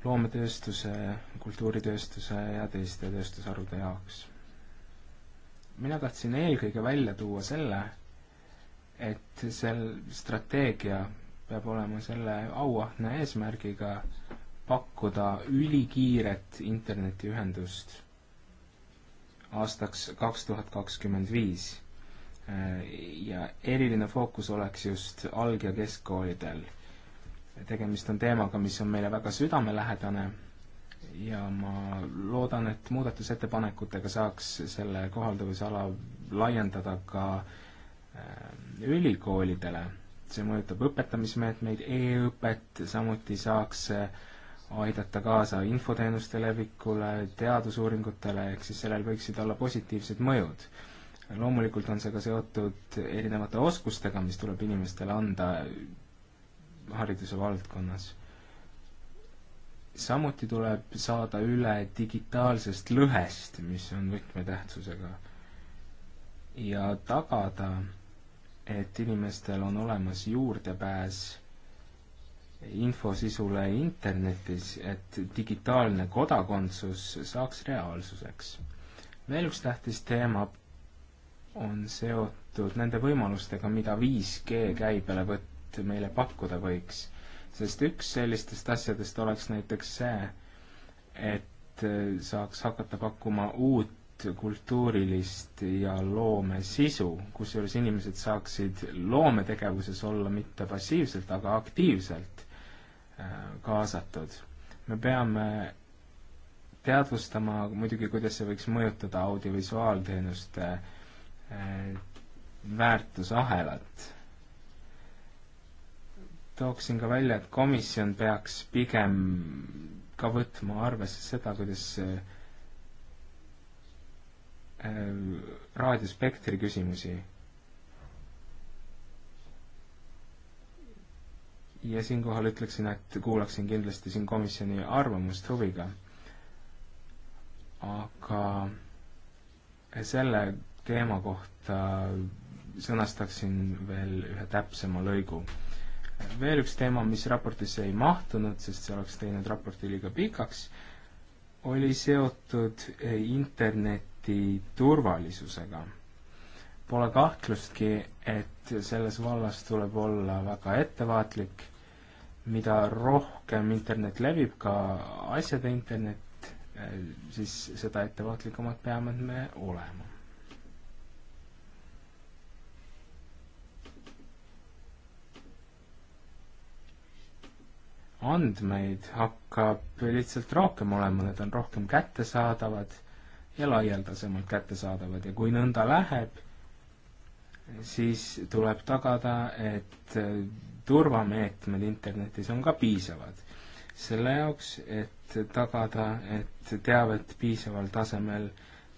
loometööstuse, kultuuritööstuse ja teiste tööstusharude jaoks. mina tahtsin eelkõige välja tuua selle, et sel strateegia peab olema selle auahne eesmärgiga pakkuda ülikiiret internetiühendust aastaks kaks tuhat kakskümmend viis. Äh, ja eriline fookus oleks just alg- ja keskkoolidel. tegemist on teemaga, mis on meile väga südamelähedane ja ma loodan, et muudatusettepanekutega saaks selle kohalduvusala laiendada ka äh, ülikoolidele see mõjutab õpetamismeetmeid e, e-õpet, samuti saaks äh, aidata kaasa infoteenuste levikule, teadusuuringutele, ehk siis sellel võiksid olla positiivsed mõjud. loomulikult on see ka seotud erinevate oskustega, mis tuleb inimestele anda hariduse valdkonnas. samuti tuleb saada üle digitaalsest lõhest, mis on võtmetähtsusega, ja tagada, et inimestel on olemas juurdepääs infosisule internetis, et digitaalne kodakondsus saaks reaalsuseks. veel üks tähtis teema on seotud nende võimalustega, mida 5G käibelevõtt meile pakkuda võiks. sest üks sellistest asjadest oleks näiteks see, et äh, saaks hakata pakkuma uut kultuurilist ja loome sisu, kusjuures inimesed saaksid loometegevuses olla mitte passiivselt, aga aktiivselt äh, kaasatud. me peame teadvustama muidugi, kuidas see võiks mõjutada audiovisuaalteenuste äh, väärtusahelat. tooksin ka välja, et komisjon peaks pigem ka võtma arvesse seda, kuidas Äh, raadiospektri küsimusi. ja siinkohal ütleksin, et kuulaksin kindlasti siin komisjoni arvamust huviga. aga selle teema kohta sõnastaksin veel ühe täpsema lõigu. veel üks teema, mis raportisse ei mahtunud, sest see oleks teinud raporti liiga pikaks, oli seotud internet samuti turvalisusega. Pole kahtlustki, et selles vallas tuleb olla väga ettevaatlik, mida rohkem internet levib, ka asjade internet, eh, siis seda ettevaatlikumad peame me olema. andmeid hakkab lihtsalt rohkem olema, need on rohkem kättesaadavad ja laialdasemalt kättesaadavad ja kui nõnda läheb, siis tuleb tagada, et turvameetmed internetis on ka piisavad. selle jaoks, et tagada, et teavet piisaval tasemel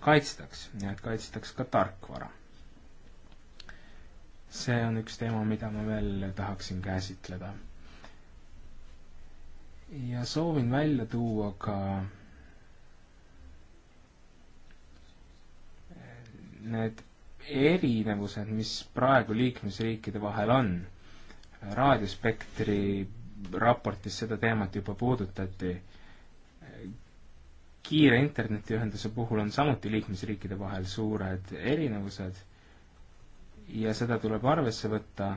kaitstaks ja et kaitstaks ka tarkvara. see on üks teema, mida ma veel tahaksin käsitleda. ja soovin välja tuua ka need erinevused, mis praegu liikmesriikide vahel on, raadiospektri raportis seda teemat juba puudutati, kiire internetiühenduse puhul on samuti liikmesriikide vahel suured erinevused ja seda tuleb arvesse võtta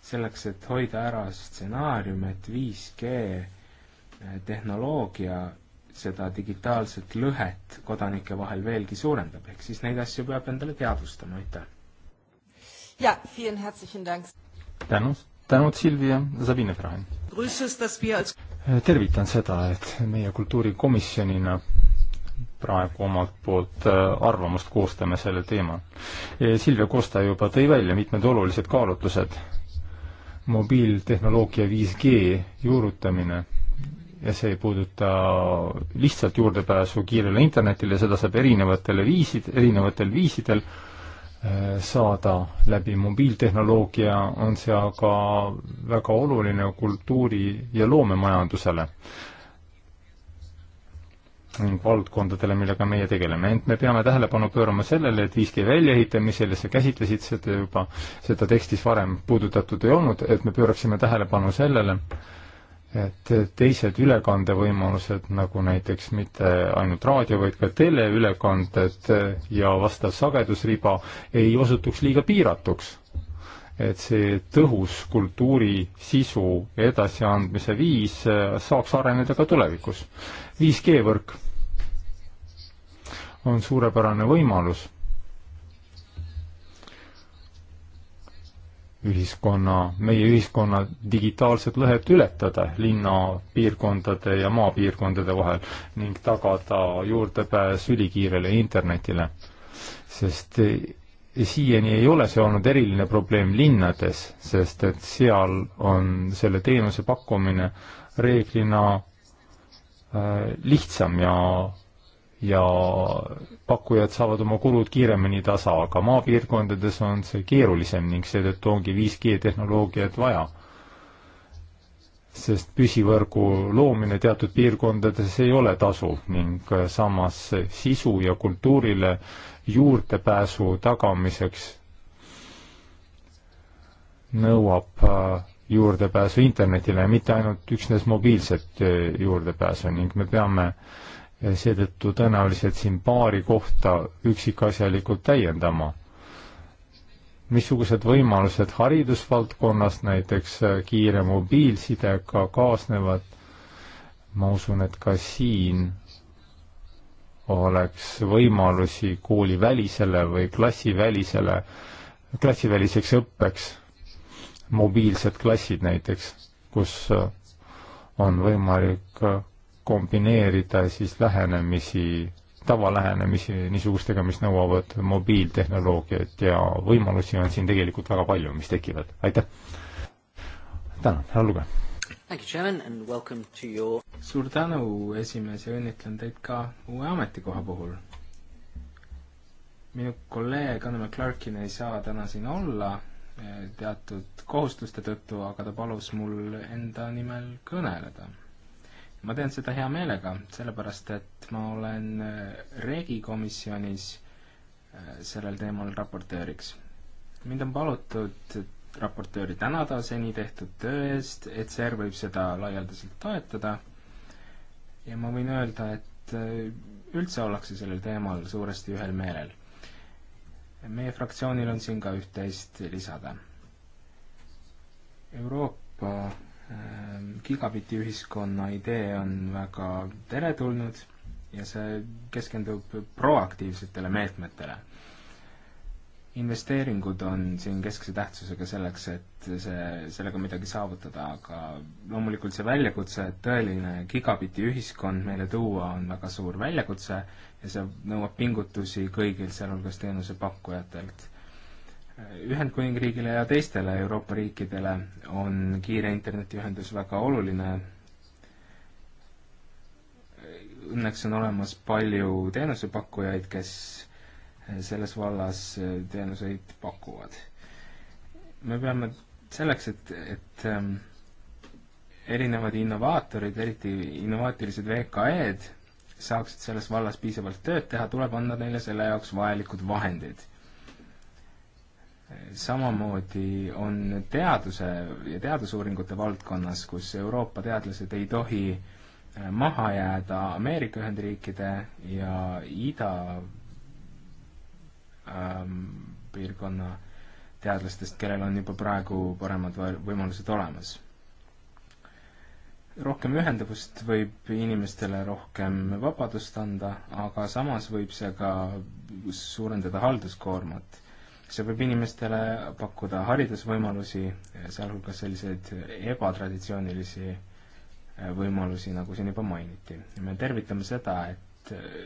selleks, et hoida ära stsenaarium, et 5G tehnoloogia seda digitaalset lõhet kodanike vahel veelgi suurendab, ehk siis neid asju peab endale teadvustama, aitäh! jaa, vielen herzlichen Dank! tänud, tänud Silvia, Sabine Frahen! tervitan seda, et meie kultuurikomisjonina praegu omalt poolt äh, arvamust koostame sellel teemal. E, Silvia Kosta juba tõi välja mitmed olulised kaalutlused. mobiiltehnoloogia 5G juurutamine ja see ei puuduta lihtsalt juurdepääsu kiirele internetile, seda saab erinevatele viisid, erinevatel viisidel eh, saada läbi mobiiltehnoloogia, on see aga väga oluline kultuuri- ja loomemajandusele ning valdkondadele, millega meie tegeleme. ent me peame tähelepanu pöörama sellele, et 5G väljaehitamisel, ja sa käsitlesid seda juba, seda tekstis varem puudutatud ei olnud, et me pööraksime tähelepanu sellele, et teised ülekandevõimalused, nagu näiteks mitte ainult raadio, vaid ka teleülekanded ja vastav sagedusriba, ei osutuks liiga piiratuks. et see tõhus kultuuri sisu edasiandmise viis saaks areneda ka tulevikus. 5G võrk on suurepärane võimalus ühiskonna, meie ühiskonna digitaalset lõhet ületada linnapiirkondade ja maapiirkondade vahel ning tagada juurdepääs ülikiirele internetile. sest eh, siiani ei ole see olnud eriline probleem linnades, sest et seal on selle teenuse pakkumine reeglina eh, lihtsam ja ja pakkujad saavad oma kulud kiiremini tasa, aga maapiirkondades on see keerulisem ning seetõttu ongi 5G tehnoloogiat vaja. sest püsivõrgu loomine teatud piirkondades ei ole tasuv ning samas sisu ja kultuurile juurdepääsu tagamiseks nõuab äh, juurdepääsu internetile ja mitte ainult üksnes mobiilset äh, juurdepääsu ning me peame äh, seetõttu tõenäoliselt siin paari kohta üksikasjalikult täiendama. missugused võimalused haridusvaldkonnas näiteks kiire mobiilsidega kaasnevad, ma usun, et ka siin oleks võimalusi koolivälisele või klassivälisele, klassiväliseks õppeks, mobiilsed klassid näiteks, kus on võimalik kombineerida siis lähenemisi, tavalähenemisi niisugustega, mis nõuavad mobiiltehnoloogiat ja võimalusi on siin tegelikult väga palju, mis tekivad. aitäh! tänan, härra Luge! Your... suur tänu, esimees, ja õnnitlen teid ka uue ametikoha puhul. minu kolleeg Anne McClarkin ei saa täna siin olla eh, teatud kohustuste tõttu, aga ta palus mul enda nimel kõneleda ma teen seda hea meelega, sellepärast et ma olen äh, regikomisjonis äh, sellel teemal raportööriks. mind on palutud raportööri tänada seni tehtud töö eest, et CER võib seda laialdaselt toetada ja ma võin öelda, et äh, üldse ollakse sellel teemal suuresti ühel meelel. meie fraktsioonil on siin ka üht-teist lisada. Euroopa Ehm, gigabitiühiskonna idee on väga teretulnud ja see keskendub proaktiivsetele meetmetele. investeeringud on siin keskse tähtsusega selleks, et see, sellega midagi saavutada, aga loomulikult see väljakutse, et tõeline gigabitiühiskond meile tuua, on väga suur väljakutse ja see nõuab pingutusi kõigilt, sealhulgas teenusepakkujatelt Ühendkuningriigile ja teistele Euroopa riikidele on kiire internetiühendus väga oluline. Õnneks on olemas palju teenusepakkujaid, kes selles vallas teenuseid pakuvad. me peame selleks, et, et ähm, erinevad innovaatorid, eriti innovaatilised VKE-d, saaksid selles vallas piisavalt tööd teha, tuleb anda neile selle jaoks vajalikud vahendid samamoodi on teaduse ja teadusuuringute valdkonnas, kus Euroopa teadlased ei tohi äh, maha jääda Ameerika Ühendriikide ja ida ähm, piirkonna teadlastest, kellel on juba praegu paremad võimalused olemas. rohkem ühendavust võib inimestele rohkem vabadust anda, aga samas võib see ka suurendada halduskoormat see võib inimestele pakkuda haridusvõimalusi, sealhulgas selliseid ebatraditsioonilisi äh, võimalusi, nagu siin juba mainiti. me tervitame seda, et äh,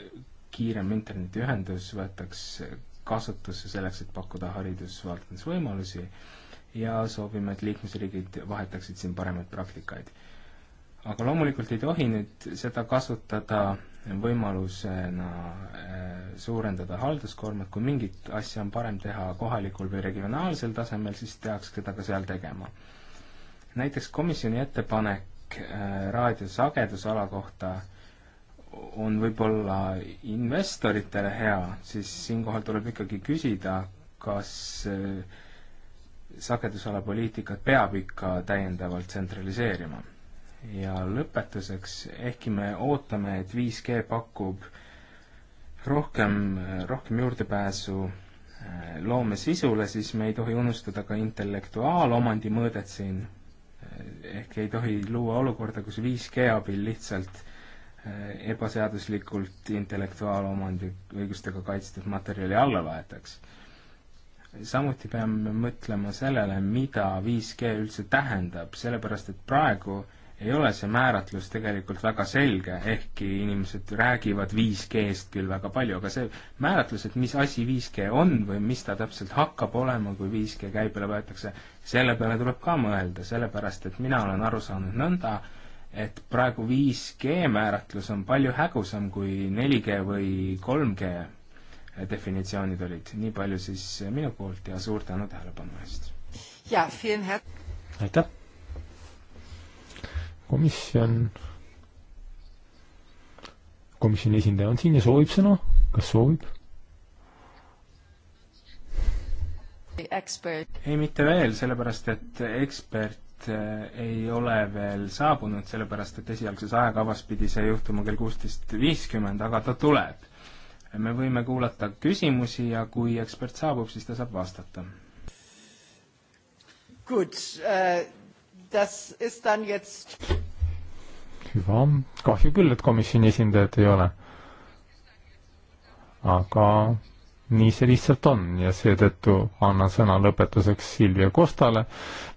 kiirem internetiühendus võetaks kasutusse selleks, et pakkuda haridusvaldkonnas võimalusi ja soovime, et liikmesriigid vahetaksid siin paremaid praktikaid. aga loomulikult ei tohi nüüd seda kasutada võimalusena äh, suurendada halduskoormat, kui mingit asja on parem teha kohalikul või regionaalsel tasemel, siis peaks seda ka seal tegema. näiteks komisjoni ettepanek äh, raadiosagedusala kohta on võib-olla investoritele hea, siis siinkohal tuleb ikkagi küsida, kas äh, sagedusala poliitikat peab ikka täiendavalt tsentraliseerima ja lõpetuseks, ehkki me ootame, et 5G pakub rohkem, rohkem juurdepääsu äh, loomesisule, siis me ei tohi unustada ka intellektuaalomandi mõõdet siin. Äh, ehk ei tohi luua olukorda, kus 5G abil lihtsalt äh, ebaseaduslikult intellektuaalomandi õigustega kaitstud materjali alla laetaks. samuti peame mõtlema sellele, mida 5G üldse tähendab, sellepärast et praegu äh, ei ole see määratlus tegelikult väga selge, ehkki inimesed räägivad 5G-st küll väga palju, aga see määratlus, et mis asi 5G on või mis ta täpselt hakkab olema, kui 5G käibele võetakse, selle peale tuleb ka mõelda, sellepärast et mina olen aru saanud nõnda, et praegu 5G määratlus on palju hägusam kui 4G või 3G definitsioonid olid. nii palju siis minu poolt ja suur tänu tähelepanu eest! aitäh! komisjon, komisjoni esindaja on siin ja soovib sõna, kas soovib? ei, mitte veel, sellepärast et ekspert eh, ei ole veel saabunud, sellepärast et esialgses ajakavas pidi see juhtuma kell kuusteist viiskümmend, aga ta tuleb. me võime kuulata küsimusi ja kui ekspert saabub, siis ta saab vastata. Gut äh, uh das ist dann jetzt hüva, kahju küll, et komisjoni esindajat ei ole. aga nii see lihtsalt on ja seetõttu annan sõna lõpetuseks Silvia Kostale,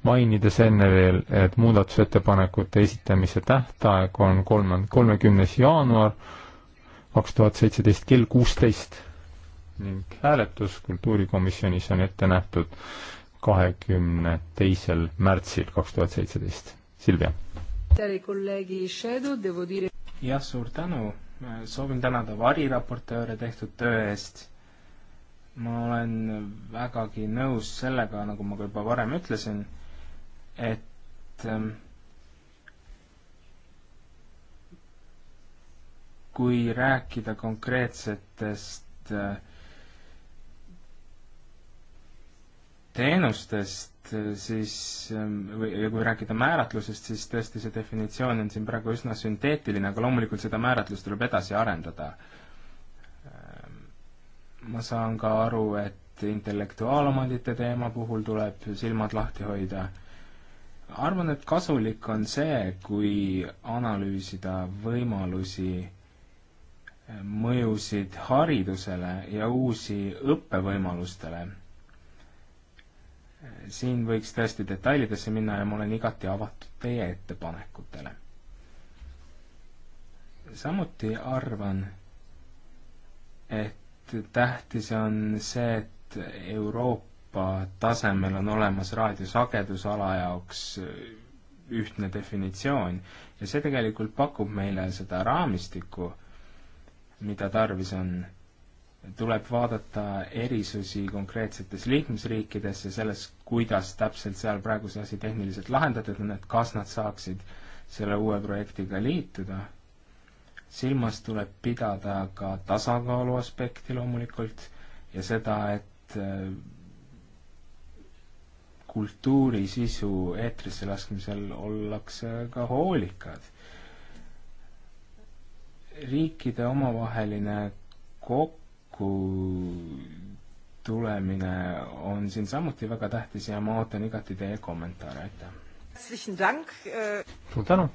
mainides enne veel, et muudatusettepanekute esitamise tähtaeg on kolm-, kolmekümnes jaanuar kaks tuhat seitseteist kell kuusteist ning hääletus kultuurikomisjonis on ette nähtud kahekümne teisel märtsil kaks tuhat seitseteist. Silvia. jah, suur tänu. soovin tänada variraportööre tehtud töö eest. ma olen vägagi nõus sellega, nagu ma ka juba varem ütlesin, et ähm, kui rääkida konkreetsetest äh, teenustest, eh, siis ehm, või, ja kui rääkida määratlusest, siis tõesti see definitsioon on siin praegu üsna sünteetiline, aga loomulikult seda määratlust tuleb edasi arendada. Ehm, ma saan ka aru, et intellektuaalomandite teema puhul tuleb silmad lahti hoida. arvan, et kasulik on see, kui analüüsida võimalusi eh, mõjusid haridusele ja uusi õppevõimalustele siin võiks tõesti detailidesse minna ja ma olen igati avatud teie ettepanekutele. samuti arvan, et tähtis on see, et Euroopa tasemel on olemas raadiosagedusala jaoks ühtne definitsioon ja see tegelikult pakub meile seda raamistikku, mida tarvis on tuleb vaadata erisusi konkreetsetes liikmesriikides ja selles, kuidas täpselt seal praegu see asi tehniliselt lahendatud on, et kas nad saaksid selle uue projektiga liituda. silmas tuleb pidada ka tasakaalu aspekti loomulikult ja seda, et äh, kultuuri sisu eetrisse laskmisel ollakse ka hoolikad. riikide omavaheline kokku kokku tulemine on siin samuti väga tähtis ja ma ootan igati teie kommentaare, aitäh! Äh, suur tänu!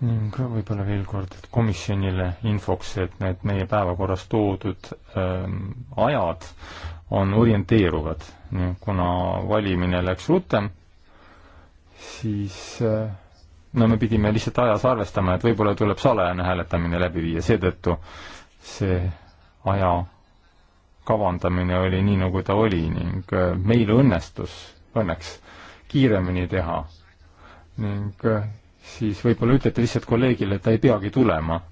ning võib-olla veel kord, et komisjonile infoks, et need meie päevakorras toodud ähm, ajad on orienteeruvad. kuna valimine läks rutem, siis äh, no me pidime lihtsalt ajas arvestama, et võib-olla tuleb salajane hääletamine läbi viia, seetõttu äh, see aja kavandamine oli nii, nagu ta oli ning äh, meil õnnestus õnneks kiiremini teha. ning äh, siis võib-olla ütlete lihtsalt kolleegile, et ta ei peagi tulema.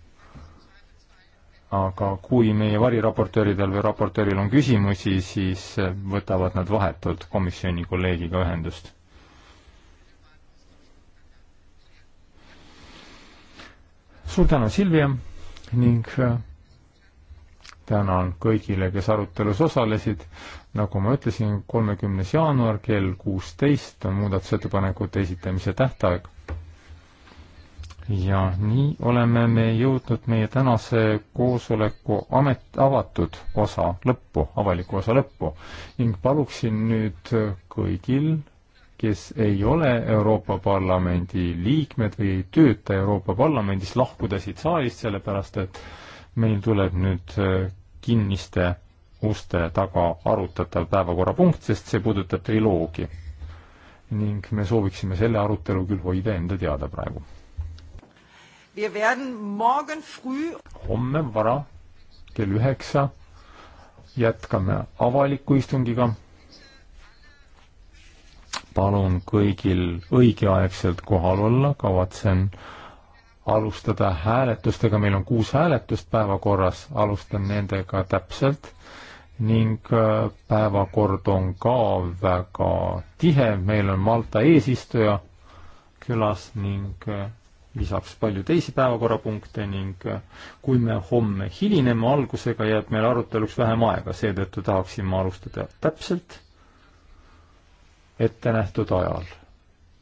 aga kui meie variraportööridel või raportööril on küsimusi, siis äh, võtavad nad vahetult komisjoni kolleegiga ühendust. suur tänu, Silvia ning tänan kõigile, kes arutelus osalesid. nagu ma ütlesin, kolmekümnes jaanuar kell kuusteist on muudatusettepanekute esitamise tähtaeg. ja nii oleme me jõudnud meie tänase koosoleku amet, avatud osa lõppu, avaliku osa lõppu ning paluksin nüüd kõigil kes ei ole Euroopa Parlamendi liikmed või ei tööta Euroopa Parlamendis, lahkuda siit saalist, sellepärast et meil tuleb nüüd kinniste uste taga arutatav päevakorrapunkt, sest see puudutab triloogi. ning me sooviksime selle arutelu küll hoida enda teada praegu. homme vara kell üheksa jätkame avaliku istungiga. palun kõigil õigeaegselt kohal olla, kavatsen alustada hääletustega, meil on kuus hääletust päevakorras, alustan nendega täpselt ning äh, päevakord on ka väga tihe, meil on Malta eesistuja külas ning äh, lisaks palju teisi päevakorrapunkte ning äh, kui me homme hilineme algusega, jääb meil aruteluks vähem aega, seetõttu tahaksin ma alustada täpselt ette nähtud ajal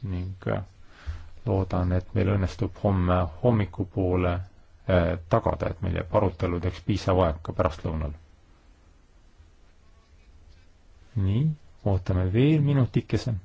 ning loodan, et meil õnnestub homme hommikupoole eh, tagada, et meil jääb aruteludeks piisav aeg ka pärastlõunal. nii, ootame veel minutikese